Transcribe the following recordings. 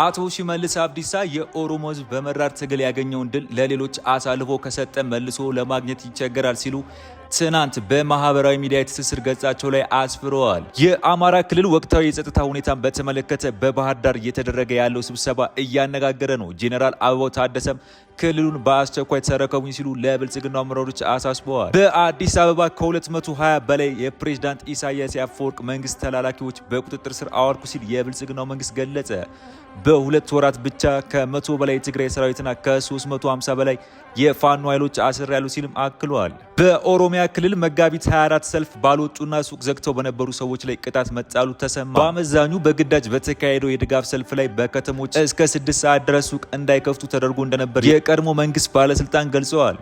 አቶ ሽመልስ አብዲሳ የኦሮሞ ህዝብ በመራር ትግል ያገኘውን ድል ለሌሎች አሳልፎ ከሰጠ መልሶ ለማግኘት ይቸገራል ሲሉ ትናንት በማህበራዊ ሚዲያ የትስስር ገጻቸው ላይ አስፍረዋል። የአማራ ክልል ወቅታዊ የጸጥታ ሁኔታን በተመለከተ በባህር ዳር እየተደረገ ያለው ስብሰባ እያነጋገረ ነው። ጄኔራል አበባው ታደሰም ክልሉን በአስቸኳይ ተረከቡኝ ሲሉ ለብልጽግና አመራሮች አሳስበዋል። በአዲስ አበባ ከ220 በላይ የፕሬዝዳንት ኢሳያስ የአፈወርቅ መንግስት ተላላኪዎች በቁጥጥር ስር አዋልኩ ሲል የብልጽግናው መንግስት ገለጸ። በሁለት ወራት ብቻ ከ100 በላይ የትግራይ ሰራዊትና ከ350 በላይ የፋኖ ኃይሎች አስር ያሉ ሲልም አክሏል። በኦሮሚያ በኦሮሚያ ክልል መጋቢት 24 ሰልፍ ባልወጡና ሱቅ ዘግተው በነበሩ ሰዎች ላይ ቅጣት መጣሉ ተሰማ። በአመዛኙ በግዳጅ በተካሄደው የድጋፍ ሰልፍ ላይ በከተሞች እስከ 6 ሰዓት ድረስ ሱቅ እንዳይከፍቱ ተደርጎ እንደነበር የቀድሞ መንግስት ባለስልጣን ገልጸዋል።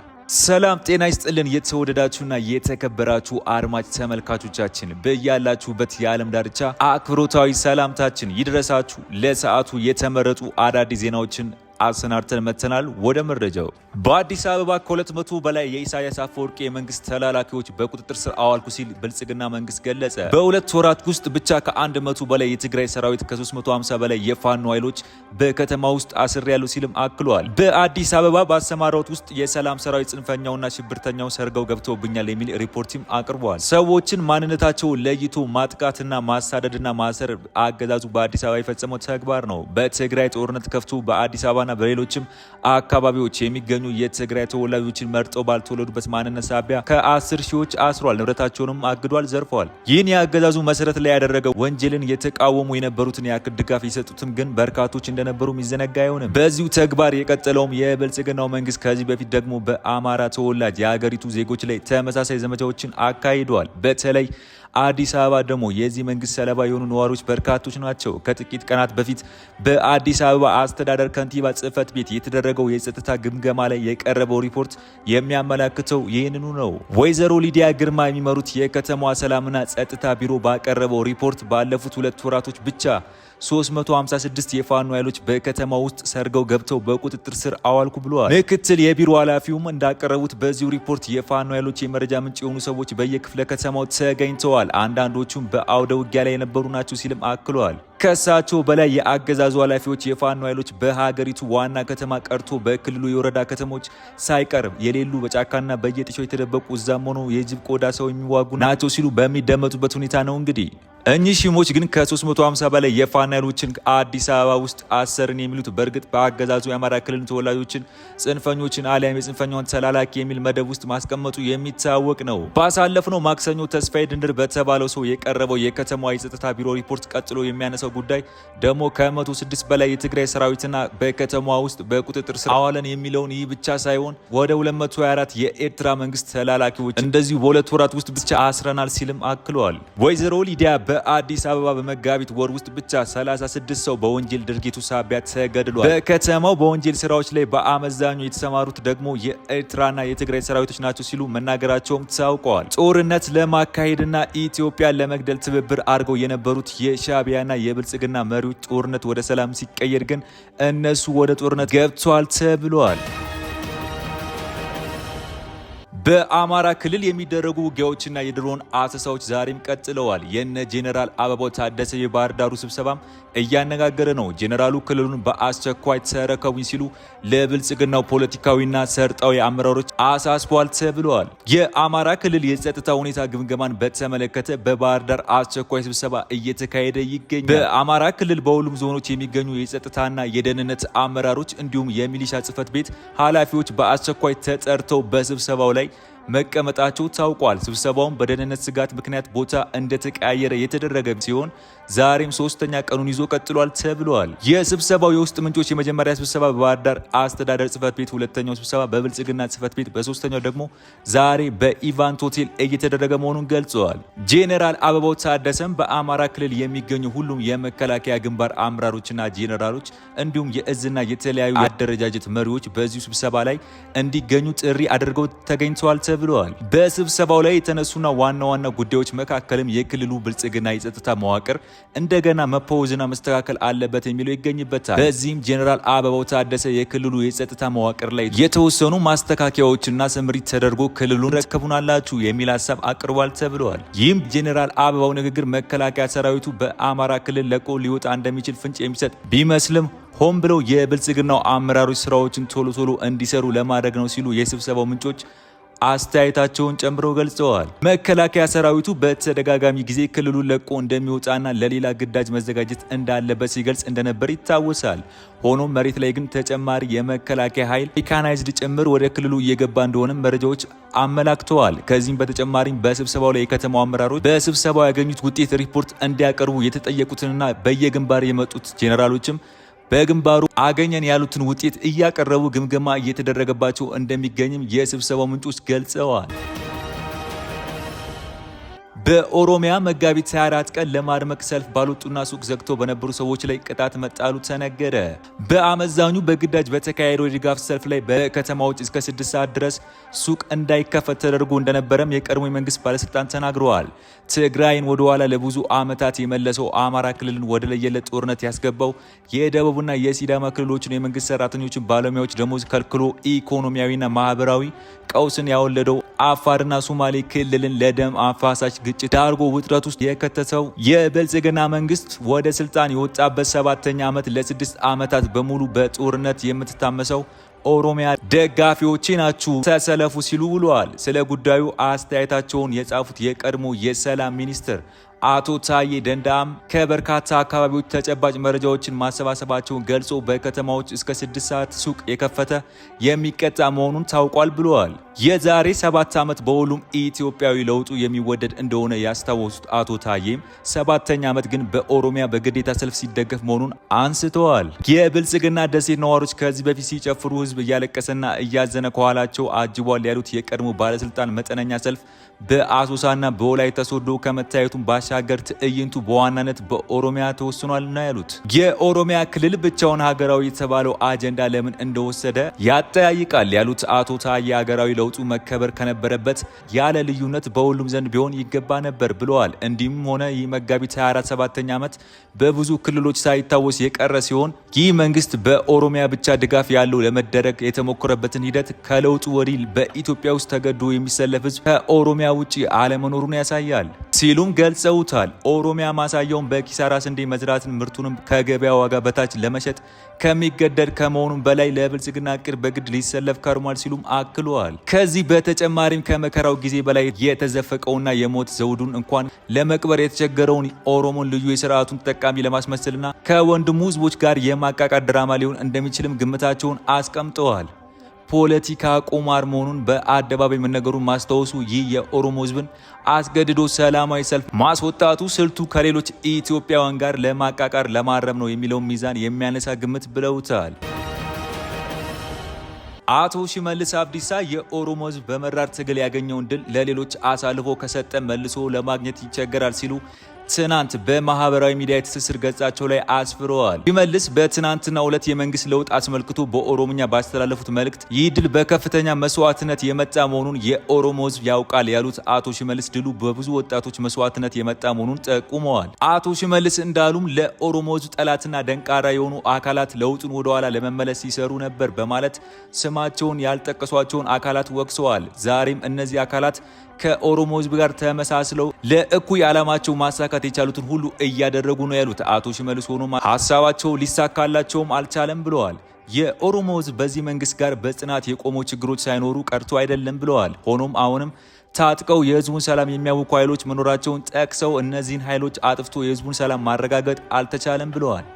ሰላም ጤና ይስጥልን የተወደዳችሁና የተከበራችሁ አድማጭ ተመልካቾቻችን በያላችሁበት የዓለም ዳርቻ አክብሮታዊ ሰላምታችን ይድረሳችሁ። ለሰዓቱ የተመረጡ አዳዲስ ዜናዎችን አሰናድተን መተናል። ወደ መረጃው በአዲስ አበባ ከሁለት መቶ በላይ የኢሳያስ አፈወርቅ የመንግስት ተላላኪዎች በቁጥጥር ስር አዋልኩ ሲል ብልጽግና መንግስት ገለጸ። በሁለት ወራት ውስጥ ብቻ ከአንድ መቶ በላይ የትግራይ ሰራዊት ከ350 በላይ የፋኖ ኃይሎች በከተማ ውስጥ አስር ያሉ ሲልም አክሏል። በአዲስ አበባ በአሰማራት ውስጥ የሰላም ሰራዊት ጽንፈኛውና ሽብርተኛው ሰርገው ገብተውብኛል የሚል ሪፖርትም አቅርቧል። ሰዎችን ማንነታቸው ለይቶ ማጥቃትና ማሳደድና ማሰር አገዛዙ በአዲስ አበባ የፈጸመው ተግባር ነው። በትግራይ ጦርነት ከፍቶ በአዲስ አበባ በአርማጭሆና በሌሎችም አካባቢዎች የሚገኙ የትግራይ ተወላጆችን መርጠው ባልተወለዱበት ማንነት ሳቢያ ከአስር ሺዎች አስሯል። ንብረታቸውንም አግዷል፣ ዘርፈዋል። ይህን የአገዛዙ መሰረት ላይ ያደረገው ወንጀልን የተቃወሙ የነበሩትን ያክል ድጋፍ የሰጡትም ግን በርካቶች እንደነበሩ የሚዘነጋ አይሆንም። በዚሁ ተግባር የቀጠለውም የብልጽግናው መንግስት ከዚህ በፊት ደግሞ በአማራ ተወላጅ የሀገሪቱ ዜጎች ላይ ተመሳሳይ ዘመቻዎችን አካሂደዋል። በተለይ አዲስ አበባ ደግሞ የዚህ መንግስት ሰለባ የሆኑ ነዋሪዎች በርካቶች ናቸው። ከጥቂት ቀናት በፊት በአዲስ አበባ አስተዳደር ከንቲባ ጽህፈት ቤት የተደረገው የጸጥታ ግምገማ ላይ የቀረበው ሪፖርት የሚያመላክተው ይህንኑ ነው። ወይዘሮ ሊዲያ ግርማ የሚመሩት የከተማዋ ሰላምና ጸጥታ ቢሮ ባቀረበው ሪፖርት ባለፉት ሁለት ወራቶች ብቻ 356 የፋኖ ኃይሎች በከተማ ውስጥ ሰርገው ገብተው በቁጥጥር ስር አዋልኩ ብለዋል። ምክትል የቢሮ ኃላፊውም እንዳቀረቡት በዚሁ ሪፖርት የፋኖ ኃይሎች የመረጃ ምንጭ የሆኑ ሰዎች በየክፍለ ከተማው ተገኝተዋል፣ አንዳንዶቹም በአውደ ውጊያ ላይ የነበሩ ናቸው ሲልም አክለዋል። ከእሳቸው በላይ የአገዛዙ ኃላፊዎች የፋኖ ኃይሎች በሀገሪቱ ዋና ከተማ ቀርቶ በክልሉ የወረዳ ከተሞች ሳይቀርም የሌሉ በጫካና በየጥሻው የተደበቁ እዛም ሆኖ የጅብ ቆዳ ሰው የሚዋጉ ናቸው ሲሉ በሚደመጡበት ሁኔታ ነው። እንግዲህ እኚህ ሺሞች ግን ከ350 በላይ የፋኖ ፓናሎችን አዲስ አበባ ውስጥ አሰርን የሚሉት በእርግጥ በአገዛዙ የአማራ ክልል ተወላጆችን ጽንፈኞችን አሊያም የጽንፈኛውን ተላላኪ የሚል መደብ ውስጥ ማስቀመጡ የሚታወቅ ነው። ባሳለፍነው ማክሰኞ ተስፋዬ ድንድር በተባለው ሰው የቀረበው የከተማዋ የጸጥታ ቢሮ ሪፖርት ቀጥሎ የሚያነሳው ጉዳይ ደግሞ ከ106 በላይ የትግራይ ሰራዊትና በከተማዋ ውስጥ በቁጥጥር ስር አዋለን የሚለውን ይህ ብቻ ሳይሆን ወደ 224 የኤርትራ መንግስት ተላላኪዎች እንደዚሁ በሁለት ወራት ውስጥ ብቻ አስረናል ሲልም አክለዋል። ወይዘሮ ሊዲያ በአዲስ አበባ በመጋቢት ወር ውስጥ ብቻ 36 ሰው በወንጀል ድርጊቱ ሳቢያ ተገድሏል። በከተማው በወንጀል ስራዎች ላይ በአመዛኙ የተሰማሩት ደግሞ የኤርትራና የትግራይ ሰራዊቶች ናቸው ሲሉ መናገራቸውም ታውቀዋል። ጦርነት ለማካሄድና ኢትዮጵያን ለመግደል ትብብር አድርገው የነበሩት የሻቢያና የብልጽግና መሪዎች ጦርነት ወደ ሰላም ሲቀየር ግን እነሱ ወደ ጦርነት ገብተዋል ተብሏል። በአማራ ክልል የሚደረጉ ውጊያዎችና የድሮን አሰሳዎች ዛሬም ቀጥለዋል። የነ ጄኔራል አበባው ታደሰ የባህር ዳሩ ስብሰባም እያነጋገረ ነው። ጄኔራሉ ክልሉን በአስቸኳይ ተረከቡኝ ሲሉ ለብልጽግናው ፖለቲካዊና ሰርጣዊ አመራሮች አሳስቧል ተብለዋል። የአማራ ክልል የጸጥታ ሁኔታ ግምገማን በተመለከተ በባህር ዳር አስቸኳይ ስብሰባ እየተካሄደ ይገኛል። በአማራ ክልል በሁሉም ዞኖች የሚገኙ የጸጥታና የደህንነት አመራሮች እንዲሁም የሚሊሻ ጽህፈት ቤት ኃላፊዎች በአስቸኳይ ተጠርተው በስብሰባው ላይ መቀመጣቸው ታውቋል። ስብሰባውን በደህንነት ስጋት ምክንያት ቦታ እንደተቀያየረ የተደረገ ሲሆን ዛሬም ሶስተኛ ቀኑን ይዞ ቀጥሏል ተብሏል። የስብሰባው የውስጥ ምንጮች የመጀመሪያ ስብሰባ በባህር ዳር አስተዳደር ጽህፈት ቤት፣ ሁለተኛው ስብሰባ በብልጽግና ጽህፈት ቤት፣ በሶስተኛው ደግሞ ዛሬ በኢቫንት ሆቴል እየተደረገ መሆኑን ገልጸዋል። ጄኔራል አበባው ታደሰም በአማራ ክልል የሚገኙ ሁሉም የመከላከያ ግንባር አምራሮችና ጄኔራሎች እንዲሁም የእዝና የተለያዩ አደረጃጀት መሪዎች በዚሁ ስብሰባ ላይ እንዲገኙ ጥሪ አድርገው ተገኝተዋል። ተብሏል። በስብሰባው ላይ የተነሱና ዋና ዋና ጉዳዮች መካከልም የክልሉ ብልጽግና የጸጥታ መዋቅር እንደገና መፈወዝና መስተካከል አለበት የሚለው ይገኝበታል። በዚህም ጄኔራል አበባው ታደሰ የክልሉ የጸጥታ መዋቅር ላይ የተወሰኑ ማስተካከያዎችና ስምሪት ተደርጎ ክልሉን ረከቡናላችሁ የሚል ሀሳብ አቅርቧል ተብለዋል። ይህም ጄኔራል አበባው ንግግር መከላከያ ሰራዊቱ በአማራ ክልል ለቆ ሊወጣ እንደሚችል ፍንጭ የሚሰጥ ቢመስልም ሆን ብለው የብልጽግናው አመራሮች ስራዎችን ቶሎ ቶሎ እንዲሰሩ ለማድረግ ነው ሲሉ የስብሰባው ምንጮች አስተያየታቸውን ጨምሮ ገልጸዋል። መከላከያ ሰራዊቱ በተደጋጋሚ ጊዜ ክልሉን ለቆ እንደሚወጣና ለሌላ ግዳጅ መዘጋጀት እንዳለበት ሲገልጽ እንደነበር ይታወሳል። ሆኖም መሬት ላይ ግን ተጨማሪ የመከላከያ ኃይል ሜካናይዝድ ጭምር ወደ ክልሉ እየገባ እንደሆነም መረጃዎች አመላክተዋል። ከዚህም በተጨማሪም በስብሰባው ላይ የከተማው አመራሮች በስብሰባው ያገኙት ውጤት ሪፖርት እንዲያቀርቡ የተጠየቁትንና በየግንባር የመጡት ጄኔራሎችም በግንባሩ አገኘን ያሉትን ውጤት እያቀረቡ ግምገማ እየተደረገባቸው እንደሚገኝም የስብሰባው ምንጮች ገልጸዋል። በኦሮሚያ መጋቢት 24 ቀን ለማድመቅ ሰልፍ ባልወጡና ሱቅ ዘግቶ በነበሩ ሰዎች ላይ ቅጣት መጣሉ ተነገረ። በአመዛኙ በግዳጅ በተካሄደው የድጋፍ ሰልፍ ላይ በከተማዎች እስከ 6 ሰዓት ድረስ ሱቅ እንዳይከፈት ተደርጎ እንደነበረም የቀድሞ የመንግስት ባለስልጣን ተናግረዋል። ትግራይን ወደኋላ ለብዙ ዓመታት የመለሰው አማራ ክልልን ወደ ለየለት ጦርነት ያስገባው የደቡብና የሲዳማ ክልሎችን የመንግስት ሰራተኞችን ባለሙያዎች ደሞዝ ከልክሎ ኢኮኖሚያዊና ማህበራዊ ቀውስን ያወለደው አፋርና ሶማሌ ክልልን ለደም አፋሳሽ ግጭት ዳርጎ ውጥረት ውስጥ የከተተው የብልጽግና መንግስት ወደ ስልጣን የወጣበት ሰባተኛ ዓመት ለስድስት ዓመታት በሙሉ በጦርነት የምትታመሰው ኦሮሚያ ደጋፊዎች ናችሁ ተሰለፉ ሲሉ ውለዋል። ስለ ጉዳዩ አስተያየታቸውን የጻፉት የቀድሞ የሰላም ሚኒስትር አቶ ታዬ ደንዳም ከበርካታ አካባቢዎች ተጨባጭ መረጃዎችን ማሰባሰባቸውን ገልጾ በከተማዎች እስከ ስድስት ሰዓት ሱቅ የከፈተ የሚቀጣ መሆኑን ታውቋል ብለዋል። የዛሬ ሰባት ዓመት በሁሉም ኢትዮጵያዊ ለውጡ የሚወደድ እንደሆነ ያስታወሱት አቶ ታዬም ሰባተኛ ዓመት ግን በኦሮሚያ በግዴታ ሰልፍ ሲደገፍ መሆኑን አንስተዋል። የብልጽግና ደሴት ነዋሪዎች ከዚህ በፊት ሲጨፍሩ ህዝብ እያለቀሰና እያዘነ ከኋላቸው አጅቧል ያሉት የቀድሞ ባለስልጣን መጠነኛ ሰልፍ በአሶሳና በወላይታ ሶዶ ከመታየቱን ባሻ ማሻገር ትዕይንቱ በዋናነት በኦሮሚያ ተወስኗል ነው ያሉት። የኦሮሚያ ክልል ብቻውን ሀገራዊ የተባለው አጀንዳ ለምን እንደወሰደ ያጠያይቃል ያሉት አቶ ታዬ ሀገራዊ ለውጡ መከበር ከነበረበት ያለ ልዩነት በሁሉም ዘንድ ቢሆን ይገባ ነበር ብለዋል። እንዲሁም ሆነ ይህ መጋቢት 24 ሰባተኛ ዓመት በብዙ ክልሎች ሳይታወስ የቀረ ሲሆን ይህ መንግስት በኦሮሚያ ብቻ ድጋፍ ያለው ለመደረግ የተሞከረበትን ሂደት ከለውጡ ወዲህ በኢትዮጵያ ውስጥ ተገዶ የሚሰለፍ ህዝብ ከኦሮሚያ ውጭ አለመኖሩን ያሳያል ሲሉም ገልጸውታል። ኦሮሚያ ማሳያውን በኪሳራ ስንዴ መዝራትን ምርቱንም ከገበያ ዋጋ በታች ለመሸጥ ከሚገደድ ከመሆኑም በላይ ለብልጽግና እቅድ በግድ ሊሰለፍ ከርሟል ሲሉም አክለዋል። ከዚህ በተጨማሪም ከመከራው ጊዜ በላይ የተዘፈቀውና የሞት ዘውዱን እንኳን ለመቅበር የተቸገረውን ኦሮሞን ልዩ የስርዓቱን ተጠቃሚ ለማስመሰልና ከወንድሙ ህዝቦች ጋር የማቃቃት ድራማ ሊሆን እንደሚችልም ግምታቸውን አስቀምጠዋል። ፖለቲካ ቁማር መሆኑን በአደባባይ መነገሩን ማስታወሱ ይህ የኦሮሞ ህዝብን አስገድዶ ሰላማዊ ሰልፍ ማስወጣቱ ስልቱ ከሌሎች ኢትዮጵያውያን ጋር ለማቃቃር ለማረም ነው የሚለውን ሚዛን የሚያነሳ ግምት ብለውታል። አቶ ሽመልስ አብዲሳ የኦሮሞ ህዝብ በመራር ትግል ያገኘውን ድል ለሌሎች አሳልፎ ከሰጠ መልሶ ለማግኘት ይቸገራል ሲሉ ትናንት በማህበራዊ ሚዲያ የትስስር ገጻቸው ላይ አስፍረዋል። ይመልስ በትናንትና ዕለት የመንግስት ለውጥ አስመልክቶ በኦሮሞኛ ባስተላለፉት መልእክት ይህ ድል በከፍተኛ መስዋዕትነት የመጣ መሆኑን የኦሮሞ ህዝብ ያውቃል ያሉት አቶ ሽመልስ ድሉ በብዙ ወጣቶች መስዋዕትነት የመጣ መሆኑን ጠቁመዋል። አቶ ሽመልስ እንዳሉም ለኦሮሞ ህዝብ ጠላትና ደንቃራ የሆኑ አካላት ለውጡን ወደኋላ ለመመለስ ሲሰሩ ነበር በማለት ስማቸውን ያልጠቀሷቸውን አካላት ወቅሰዋል። ዛሬም እነዚህ አካላት ከኦሮሞ ህዝብ ጋር ተመሳስለው ለእኩይ ዓላማቸው ማሳካት ለማሳካት የቻሉትን ሁሉ እያደረጉ ነው ያሉት አቶ ሽመልስ ሆኖ ሀሳባቸው ሊሳካላቸውም አልቻለም ብለዋል። የኦሮሞ ህዝብ በዚህ መንግስት ጋር በጽናት የቆመው ችግሮች ሳይኖሩ ቀርቶ አይደለም ብለዋል። ሆኖም አሁንም ታጥቀው የህዝቡን ሰላም የሚያውኩ ኃይሎች መኖራቸውን ጠቅሰው እነዚህን ኃይሎች አጥፍቶ የህዝቡን ሰላም ማረጋገጥ አልተቻለም ብለዋል።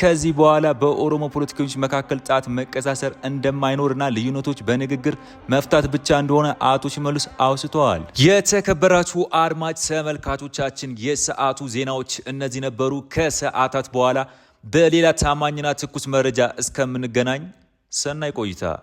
ከዚህ በኋላ በኦሮሞ ፖለቲከኞች መካከል ጣት መቀሳሰር እንደማይኖርና ልዩነቶች በንግግር መፍታት ብቻ እንደሆነ አቶ ሽመልስ አውስተዋል። የተከበራችሁ አድማጭ ተመልካቾቻችን የሰዓቱ ዜናዎች እነዚህ ነበሩ። ከሰዓታት በኋላ በሌላ ታማኝና ትኩስ መረጃ እስከምንገናኝ ሰናይ ቆይታ